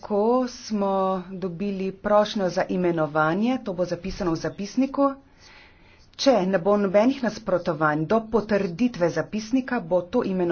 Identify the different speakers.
Speaker 1: ko smo dobili prošnjo za imenovanje, to bo zapisano v zapisniku. Če ne bo nobenih nasprotovanj do potrditve zapisnika,
Speaker 2: bo to imenovanje.